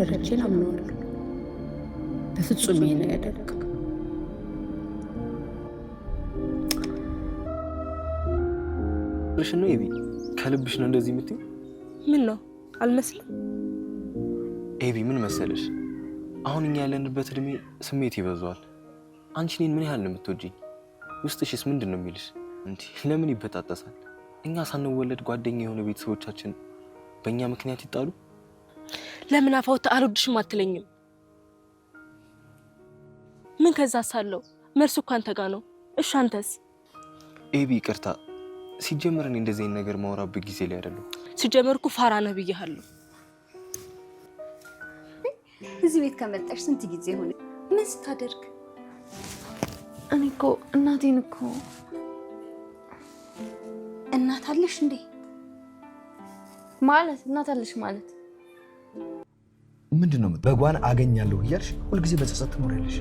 ደረጀን አምነዋለሁ። በፍጹም ይሄን አያደርግም። ልሽ ነው ኤቢ፣ ከልብሽ ነው እንደዚህ የምትይው? ምን ነው አልመስልም። ኤቢ ምን መሰለሽ፣ አሁን እኛ ያለንበት እድሜ ስሜት ይበዛዋል። አንቺ እኔን ምን ያህል ነው የምትወጂኝ? ውስጥሽስ ምንድን ነው የሚልሽ? እንዲ ለምን ይበጣጠሳል? እኛ ሳንወለድ ጓደኛ የሆነ ቤተሰቦቻችን በእኛ ምክንያት ይጣሉ። ለምን አፋውት አልወድሽም አትለኝም? ምን ከዛ ሳለው መልሱ እኮ አንተ ጋ ነው። እሺ አንተስ? ኤቢ ይቅርታ፣ ሲጀመር እኔ እንደዚህ አይነት ነገር ማውራበት ጊዜ ላይ አይደለሁ። ሲጀመርኩ ፋራ ነህ ብያለሁ። እዚህ ቤት ከመጣሽ ስንት ጊዜ ሆነ? ምን ስታደርግ? እኔ እኮ እናቴን እኮ እናት አለሽ እንዴ? ማለት እናት አለሽ ማለት ምንድን ነው በጓን አገኛለሁ እያልሽ ሁልጊዜ በጸጸት ትኖሪያለሽ።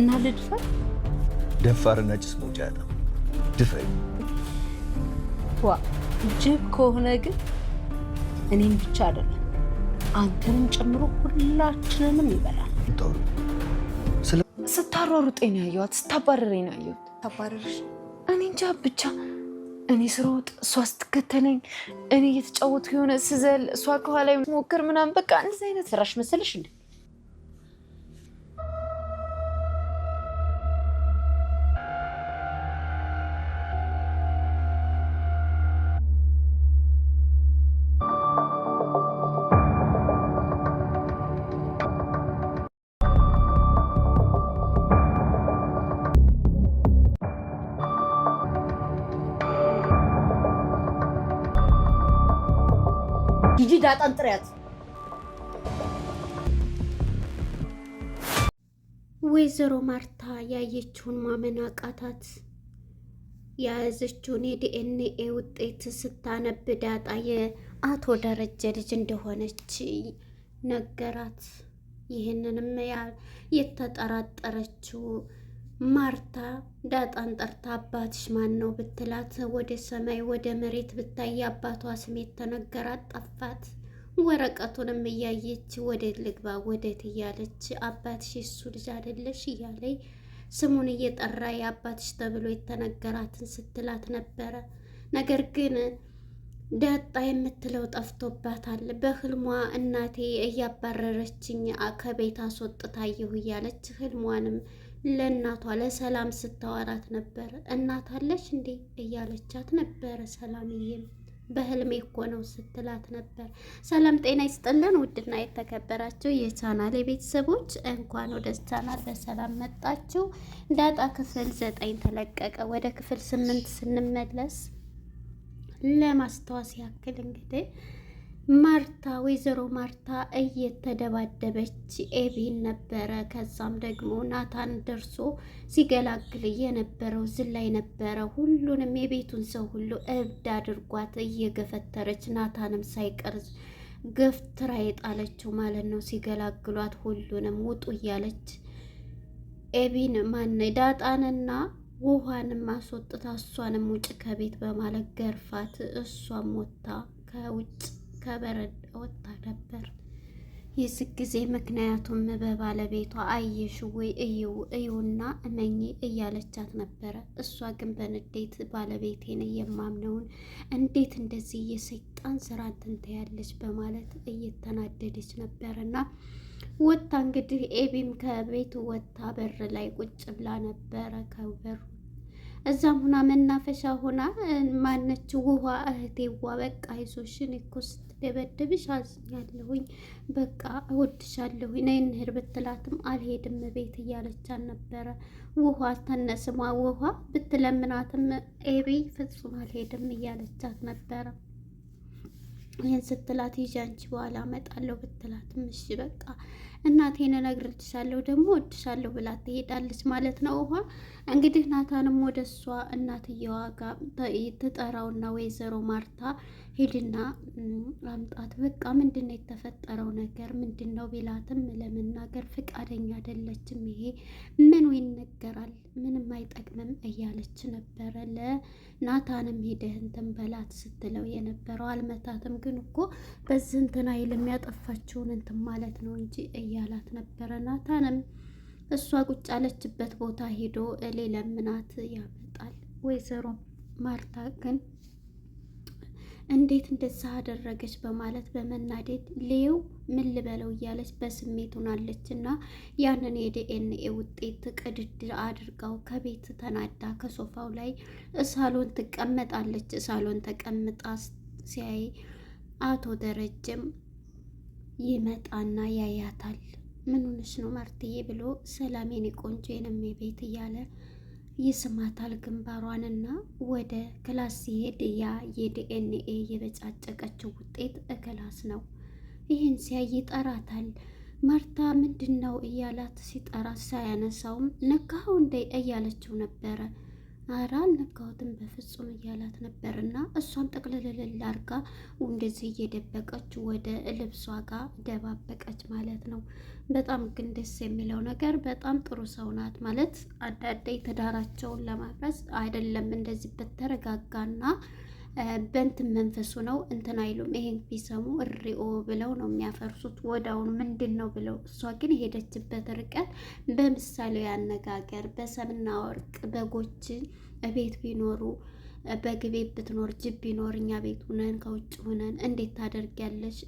እና ልድፈር? ደፋርና ጭስ መውጫ ያለው ድፈሪ። ዋ ጅብ ከሆነ ግን እኔም ብቻ አይደለም አንተንም ጨምሮ ሁላችንንም ይበላል። ስታሯሩጤ ነው ያየኋት፣ ስታባረሬ ነው ያየሁት። ታባረርሽ? እኔ እንጃ ብቻ እኔ ስሮጥ እሷ ስትከተለኝ፣ እኔ እየተጫወትኩ የሆነ ስዘል እሷ ከኋላ ሞክር ምናምን በቃ እንደዚህ አይነት ስራሽ መሰለሽ እንዴ? ጂጂ ዳጣን ጥሪያት። ወይዘሮ ማርታ ያየችውን ማመን አቃታት። የያዘችውን የዲኤንኤ ውጤት ስታነብ ዳጣ የአቶ ደረጀ ልጅ እንደሆነች ነገራት። ይህንንም የተጠራጠረችው ማርታ ዳጣን ጠርታ አባትሽ ማን ነው ብትላት ወደ ሰማይ ወደ መሬት ብታይ አባቷ ስሜት ተነገራት፣ ጠፋት። ወረቀቱንም እያየች ወደ ልግባ ወዴት እያለች አባትሽ እሱ ልጅ አይደለሽ እያለይ ስሙን እየጠራ የአባትሽ ተብሎ የተነገራትን ስትላት ነበረ። ነገር ግን ዳጣ የምትለው ጠፍቶባታል። በህልሟ እናቴ እያባረረችኝ ከቤት አስወጥታየሁ እያለች ህልሟንም ለእናቷ ለሰላም ስታወራት ነበር። እናት አለች እንዴ እያለቻት ነበረ። ሰላምዬም በህልሜ እኮ ነው ስትላት ነበር። ሰላም ጤና ይስጥልን። ውድና የተከበራችሁ የቻናል የቤተሰቦች እንኳን ወደ ቻናል በሰላም መጣችሁ። ዳጣ ክፍል ዘጠኝ ተለቀቀ። ወደ ክፍል ስምንት ስንመለስ ለማስታወስ ያክል እንግዲህ ማርታ ወይዘሮ ማርታ እየተደባደበች ኤቢን ነበረ። ከዛም ደግሞ ናታን ደርሶ ሲገላግል የነበረው ዝላይ ነበረ። ሁሉንም የቤቱን ሰው ሁሉ እብድ አድርጓት እየገፈተረች ናታንም ሳይቀር ገፍትራ የጣለችው ማለት ነው። ሲገላግሏት ሁሉንም ውጡ እያለች ኤቢን ማነ ዳጣንና ውሃንም አስወጥታ እሷንም ውጭ ከቤት በማለት ገርፋት እሷም ወጥታ ከውጭ ከበረድ ወጣ ነበር። የዚህ ጊዜ ምክንያቱም በባለቤቷ አየሽ ወይ እዩ እዩና እመኝ እያለቻት ነበረ። እሷ ግን በንዴት ባለቤቴን የማምነውን እንዴት እንደዚህ የሰይጣን ስራ እንትን በማለት እየተናደደች ነበርና ወጥታ እንግዲህ ኤቢም ከቤቱ ወጥታ በር ላይ ቁጭ ብላ ነበረ ከበሩ እዛም ሁና መናፈሻ ሆና ማነች ውሃ እህቴዋ፣ በቃ ይዞሽን ኩስ እኮ ስትደበድብሽ አዝኛለሁኝ፣ በቃ እወድሻለሁኝ፣ ነይ እንሂድ ብትላትም አልሄድም ቤት እያለቻን ነበረ። ውሃ ተነስሟ ውሃ ብትለምናትም ኤቤ ፍጹም አልሄድም እያለቻት ነበረ። ይህን ስትላት ይዤ አንቺ በኋላ እመጣለሁ ብትላትም እሺ በቃ እናቴን እነግርልሻለሁ ደግሞ እወድሻለሁ ብላ ትሄዳለች ማለት ነው። ውሃ እንግዲህ ናታንም ወደ እሷ እናትየዋ ጋር ትጠራውና ወይዘሮ ማርታ ሂድና አምጣት፣ በቃ ምንድን ነው የተፈጠረው ነገር ምንድን ነው ቢላትም ለመናገር ፈቃደኛ አይደለችም። ይሄ ምኑ ይነገራል ምንም አይጠቅምም እያለች ነበረ። ለናታንም ሂደህ እንትን በላት ስትለው የነበረው አልመታትም፣ ግን እኮ በዚህ እንትን አይልም ያጠፋችውን እንትን ማለት ነው እንጂ እያላት ነበረ። ናታንም እሷ ቁጭ አለችበት ቦታ ሄዶ ሌለምናት ያመጣል። ወይዘሮ ማርታ ግን እንዴት እንደዛ አደረገች በማለት በመናደድ ሌው ምን ልበለው እያለች በስሜት ሆናለች እና ያንን የዲኤንኤ ውጤት ቅድድ አድርጋው ከቤት ተናዳ ከሶፋው ላይ ሳሎን ትቀመጣለች። ሳሎን ተቀምጣ ሲያይ አቶ ደረጀም ይመጣና ያያታል። ምን ሆነሽ ነው ማርትዬ ብሎ ሰላሜን ቆንጆ የነሜ ቤት እያለ ይስማታል ግንባሯንና ወደ ክላስ ሲሄድ ያ የዲኤንኤ የበጫጨቀችው ውጤት እክላስ ነው። ይህን ሲያይ ይጠራታል። ማርታ ምንድን ነው እያላት ሲጠራት ሳያነሳውም ነካኸው እንዴ እያለችው ነበረ። ኧረ አልነካሁትም በፍጹም እያላት ነበር እና እሷን ጠቅልልልል አርጋ እንደዚህ እየደበቀች ወደ ልብሷ ጋር ደባበቀች ማለት ነው። በጣም ግን ደስ የሚለው ነገር በጣም ጥሩ ሰው ናት ማለት አዳዳይ ትዳራቸውን ለማፍረስ አይደለም እንደዚህ በተረጋጋና በእንትን መንፈሱ ነው እንትን አይሉም። ይሄን ቢሰሙ እሪኦ ብለው ነው የሚያፈርሱት ወዳውን ምንድን ነው ብለው። እሷ ግን የሄደችበት ርቀት በምሳሌው ያነጋገር በሰምና ወርቅ በጎች ቤት ቢኖሩ በግቤ ብትኖር ጅብ ቢኖር እኛ ቤት ሁነን ከውጭ ሁነን እንዴት ታደርጊያለሽ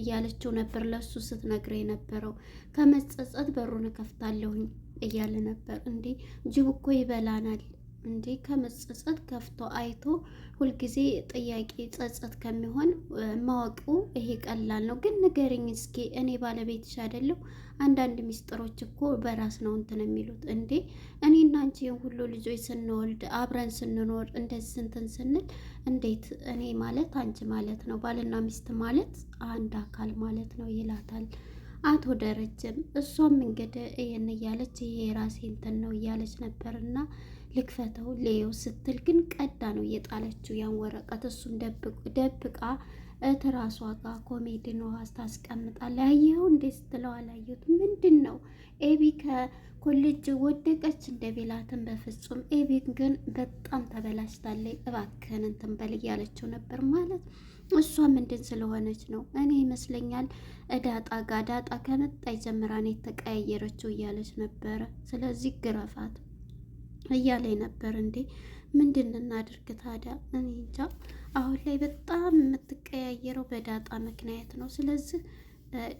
እያለችው ነበር። ለሱ ስትነግረ የነበረው ከመጸጸት በሩን እከፍታለሁኝ እያለ ነበር። እንዲህ ጅብ እኮ ይበላናል እንዴ ከመጸጸት ከፍቶ አይቶ ሁልጊዜ ጥያቄ ጸጸት ከሚሆን ማወቁ ይሄ ቀላል ነው። ግን ንገርኝ እስኪ እኔ ባለቤትሽ አይደለሁ? አንዳንድ ሚስጥሮች እኮ በራስ ነው እንትን የሚሉት እንዴ እኔ እና አንቺ ሁሉ ልጆች ስንወልድ አብረን ስንኖር እንደዚህ ስንትን ስንል እንዴት እኔ ማለት አንቺ ማለት ነው ባልና ሚስት ማለት አንድ አካል ማለት ነው ይላታል አቶ ደረጀም። እሷም እንግዲህ ይህን እያለች ይሄ ራሴ እንትን ነው እያለች ነበርና ልክፈተው ልየው ስትል ግን ቀዳ ነው እየጣለችው ያን ወረቀት። እሱም ደብቃ ራሷ ጋር ኮሜድን ውሃ ታስቀምጣለች። አየኸው እንዴ ስትለው አላየሁት ምንድን ነው ኤቢ ከኮሌጅ ወደቀች እንደ ቤላትን በፍጹም ኤቢ ግን በጣም ተበላሽታለች። እባክህን እንትን በል እያለችው ነበር ማለት እሷ ምንድን ስለሆነች ነው እኔ ይመስለኛል እዳጣ ጋር ዳጣ ከመጣ ጀምራ የተቀያየረችው እያለች ነበረ። ስለዚህ ግረፋት እያለ ነበር። እንዴ ምንድን እናድርግ ታዲያ? እኔ እንጃ። አሁን ላይ በጣም የምትቀያየረው በዳጣ ምክንያት ነው። ስለዚህ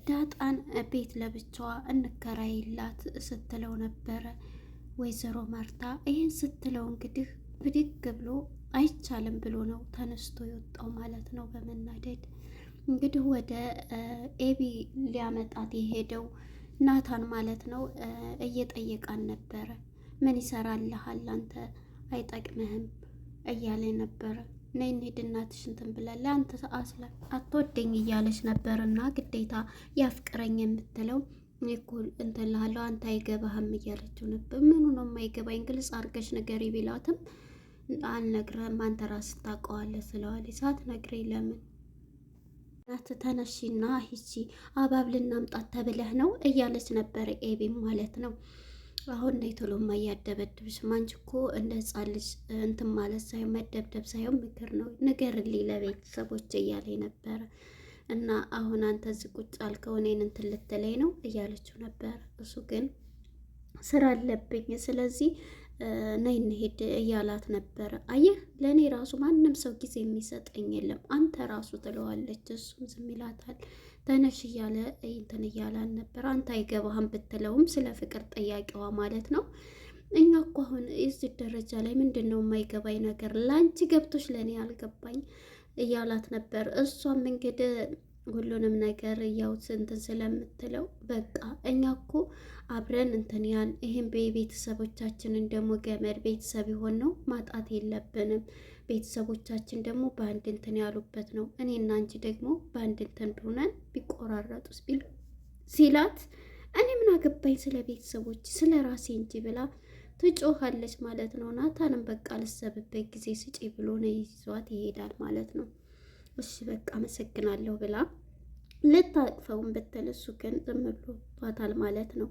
ዳጣን ቤት ለብቻዋ እንከራይላት ስትለው ነበረ ወይዘሮ ማርታ። ይህን ስትለው እንግዲህ ብድግ ብሎ አይቻልም ብሎ ነው ተነስቶ የወጣው ማለት ነው በመናደድ እንግዲህ ወደ ኤቢ ሊያመጣት የሄደው ናታን ማለት ነው እየጠየቃን ነበረ ምን ይሰራልሃል አንተ አይጠቅምህም እያለ ነበር። ነይ እንሂድ እናትሽ እንትን ብላለ አንተ አስላ አትወደኝ እያለች ነበር። እና ግዴታ ያፍቅረኝ የምትለው እኮ እንትን አንተ አይገባህም እያለችው ነበር። ምኑ ነው የማይገባኝ ግልጽ አድርገሽ ንገሪ ቢላትም አልነግረህም አንተ ራስህ ታውቀዋለህ ስለዋለች ሳትነግሪ ለምን ናት ተነሺና ሂቺ አባብ ልናምጣት ተብለህ ነው እያለች ነበር። ኤቢም ማለት ነው አሁን እንደ ቶሎ የማያደበድብሽ ማንች እኮ እንደ ህፃን ልጅ እንትን ማለት ሳይሆን መደብደብ ሳይሆን ምክር ነው ንገርልኝ ለቤተሰቦች እያለ ነበረ። እና አሁን አንተ እዚህ ቁጭ አልከው እኔን እንትን ልትለኝ ነው እያለችው ነበር። እሱ ግን ስራ አለብኝ ስለዚህ ነይ እንሂድ እያላት ነበረ። አየህ ለእኔ ራሱ ማንም ሰው ጊዜ የሚሰጠኝ የለም አንተ ራሱ ትለዋለች። እሱም ዝም ይላታል። ተነሽ እያለ እንትን እያላን ነበር። አንተ አይገባህም ብትለውም ስለ ፍቅር ጥያቄዋ ማለት ነው። እኛ እኮ አሁን እዚህ ደረጃ ላይ ምንድን ነው የማይገባኝ ነገር ለአንቺ ገብቶች ለእኔ አልገባኝ እያላት ነበር። እሷም እንግዲህ ሁሉንም ነገር ያው እንትን ስለምትለው በቃ እኛ እኮ አብረን እንትን ያል ይህም ቤተሰቦቻችንን ደግሞ ገመድ ቤተሰብ የሆን ነው ማጣት የለብንም ቤተሰቦቻችን ደግሞ በአንድ እንትን ያሉበት ነው። እኔ እና አንቺ ደግሞ በአንድ እንትን ብሆነን ቢቆራረጡስ ቢል ሲላት እኔ ምን አገባኝ ስለ ቤተሰቦች ስለ ራሴ እንጂ ብላ ትጮሃለች ማለት ነው። ናታንም በቃ ልሰብበት ጊዜ ስጪ ብሎ ነው ይዟት ይሄዳል ማለት ነው። እሺ በቃ አመሰግናለሁ ብላ ልታቅፈውን ብትል እሱ ግን ዝም ብሎባታል ማለት ነው።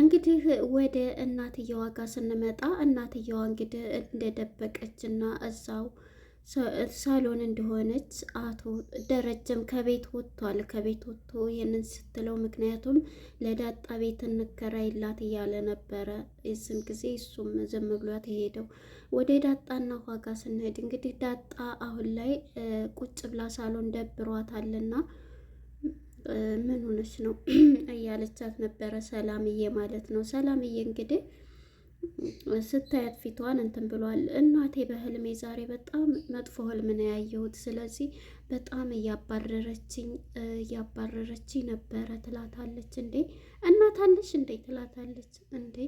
እንግዲህ ወደ እናትየዋ ጋር ስንመጣ እናትየዋ እንግዲህ እንደደበቀችና እዛው ሳሎን እንደሆነች አቶ ደረጀም ከቤት ወጥቷል። ከቤት ወጥቶ ይህንን ስትለው ምክንያቱም ለዳጣ ቤት እንከራይላት እያለ ነበረ። የዚህም ጊዜ እሱም ዝም ብሏት የሄደው ወደ ዳጣና ዋጋ ስንሄድ እንግዲህ ዳጣ አሁን ላይ ቁጭ ብላ ሳሎን ደብሯታልና ምን ሆነች ነው እያለቻት ነበረ ሰላምዬ ማለት ነው። ሰላምዬ እንግዲህ ስታያት ፊቷን እንትን ብሏል። እናቴ በህልሜ ዛሬ በጣም መጥፎ ህልም ነው ያየሁት፣ ስለዚህ በጣም እያባረረችኝ እያባረረችኝ ነበረ ትላታለች። እንዴ እናታለች እንዴ ትላታለች። እንዴ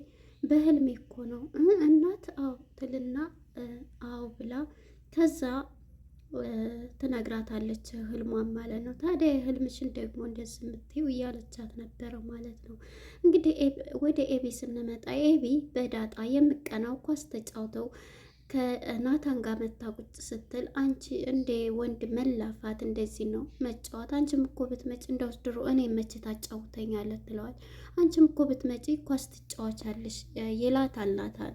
በህልሜ እኮ ነው እናት አው ትልና አው ብላ ከዛ ትነግራታለች ህልሟን ማለት ነው። ታዲያ የህልምሽን ደግሞ እንደዚህ የምትይው እያለቻት ነበረ ማለት ነው። እንግዲህ ወደ ኤቢ ስንመጣ ኤቢ በዳጣ የምቀናው ኳስ ተጫውተው ከናታን ጋር መታ ቁጭ ስትል አንቺ እንደ ወንድ መላፋት እንደዚህ ነው መጫወት። አንቺም እኮ ብትመጪ እንደው ድሮ እኔ መቼ ታጫውተኛለህ ትለዋል። አንቺም እኮ ብትመጪ ኳስ ትጫወቻለሽ ይላታል ናታን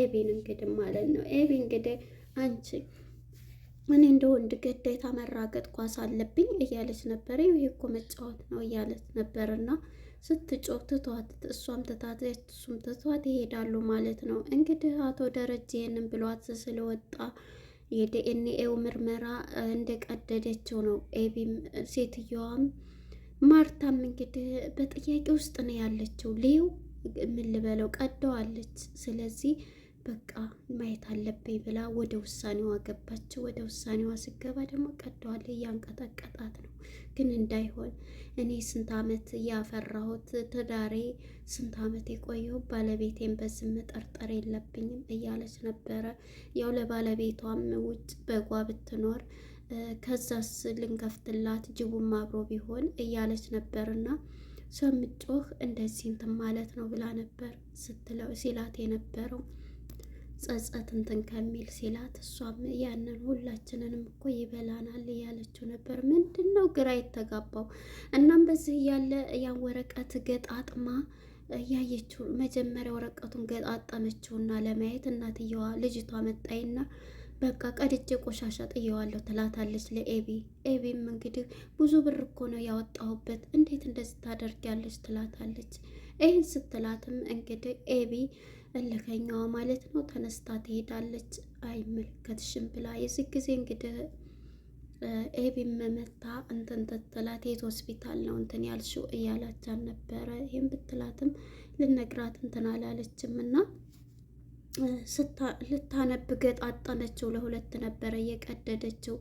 ኤቢን እንግዲህ ማለት ነው። ኤቢ እንግዲህ አንቺ እኔ እንደው እንድገዳይ መራገጥ ኳስ አለብኝ እያለች ነበረ። ይህ እኮ መጫወት ነው እያለች ነበር ነበርና ስትጮህ ትቷት እሷም ትታት እሱም ትቷት ይሄዳሉ ማለት ነው። እንግዲህ አቶ ደረጀ ይህንን ብሏት ስለወጣ የዲኤንኤው ምርመራ እንደቀደደችው ነው። ኤቢም ሴትየዋም ማርታም እንግዲህ በጥያቄ ውስጥ ነው ያለችው። ሌው ምን ልበለው ቀደዋለች። ስለዚህ በቃ ማየት አለብኝ ብላ ወደ ውሳኔዋ ገባች። ወደ ውሳኔዋ ስገባ ደግሞ ቀደዋል እያንቀጠቀጣት ነው። ግን እንዳይሆን እኔ ስንት ዓመት ያፈራሁት ትዳሬ፣ ስንት ዓመት የቆየው ባለቤቴን በዝም መጠርጠር የለብኝም እያለች ነበረ። ያው ለባለቤቷም ውጭ በጓ ብትኖር ከዛስ ልንከፍትላት ጅቡም አብሮ ቢሆን እያለች ነበርና ሰምጮህ እንደዚህ እንትን ማለት ነው ብላ ነበር ስትለው ሲላት የነበረው ጸጸት እንትን ከሚል ሲላት እሷም ያንን ሁላችንንም እኮ ይበላናል እያለችው ነበር። ምንድን ነው ግራ የተጋባው? እናም በዚህ እያለ ያን ወረቀት ገጣጥማ እያየችው መጀመሪያ ወረቀቱን ገጣጠመችውና ለማየት እናትየዋ ልጅቷ መጣይና በቃ ቀድጄ ቆሻሻ ጥየዋለሁ ትላታለች ለኤቢ። ኤቢም እንግዲህ ብዙ ብር እኮ ነው ያወጣሁበት እንዴት እንደዚህ ታደርጊያለች ትላታለች። ይህን ስትላትም እንግዲህ ኤቢ እልከኛዋ ማለት ነው ተነስታ ትሄዳለች። አይመለከትሽም ብላ የዚህ ጊዜ እንግዲህ ኤቢም መመታ እንትን ትትላት የት ሆስፒታል ነው እንትን ያልሽው እያላቻን ነበረ። ይህም ብትላትም ልነግራት እንትን አላለችም እና ልታነብ ገጣጠመችው። ለሁለት ነበረ የቀደደችው።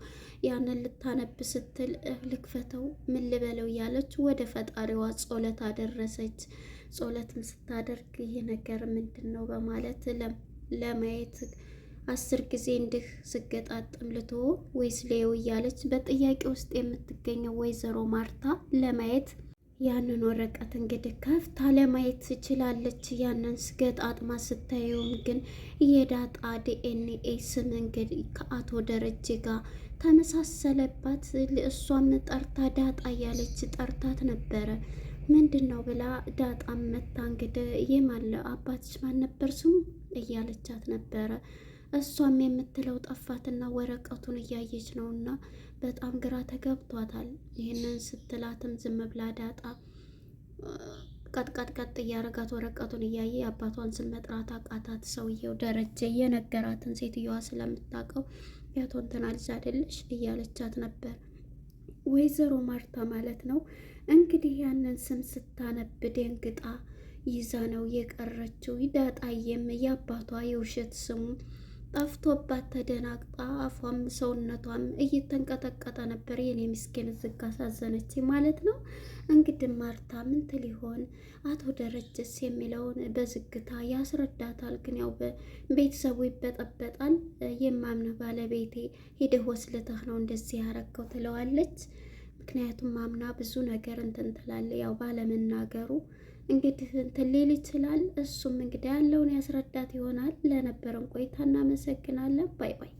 ያንን ልታነብ ስትል ልክፈተው፣ ምን ልበለው እያለች ወደ ፈጣሪዋ ጾለት አደረሰች። ጾለትም ስታደርግ ይህ ነገር ምንድን ነው በማለት ለማየት አስር ጊዜ እንዲህ ስገጣጥም ልቶ ወይስ ሌው እያለች በጥያቄ ውስጥ የምትገኘው ወይዘሮ ማርታ ለማየት ያንን ወረቀት እንግዲህ ከፍታ ለማየት ትችላለች። ያንን አጥማ ስታየውም ግን የዳጣ ዲኤንኤ ስም እንግዲህ ከአቶ ደረጀ ጋር ተመሳሰለባት። እሷም ጠርታ ዳጣ እያለች ጠርታት ነበረ። ምንድን ነው ብላ ዳጣም መታ እንግዲህ የማለ አባትሽ ማን ነበር ስሙ እያለቻት ነበረ። እሷም የምትለው ጠፋትና ወረቀቱን እያየች ነውና በጣም ግራ ተገብቷታል። ይህንን ስትላትም ዝም ብላ ዳጣ ቀጥቀጥቀጥ እያረጋት ወረቀቱን እያየ የአባቷን ስም መጥራት አቃታት። ሰውየው ደረጀ የነገራትን ሴትየዋ ስለምታውቀው ያቶ እንትና ልጅ አይደለሽ እያለቻት ነበር። ወይዘሮ ማርታ ማለት ነው እንግዲህ ያንን ስም ስታነብ ደንግጣ ይዛ ነው የቀረችው። ዳጣዬም የአባቷ የውሸት ስሙን ጠፍቶባት ተደናግጣ አፏም ሰውነቷም እየተንቀጠቀጠ ነበር። የኔ ምስኪን ዝጋ ሳዘነች ማለት ነው። እንግዲህ ማርታ ምን ትሊሆን ይሆን? አቶ ደረጀስ የሚለውን በዝግታ ያስረዳታል። ግን ያው ቤተሰቡ ይበጠበጣል። የማምነህ ባለቤቴ ሂደህ ወስልተህ ነው እንደዚህ ያረከው ትለዋለች። ምክንያቱም ማምና ብዙ ነገር እንትን ያው ባለመናገሩ እንግዲህ እንትን ሊል ይችላል። እሱም እንግዲህ ያለውን ያስረዳት ይሆናል። ለነበረን ቆይታ እናመሰግናለን። ባይ ባይ።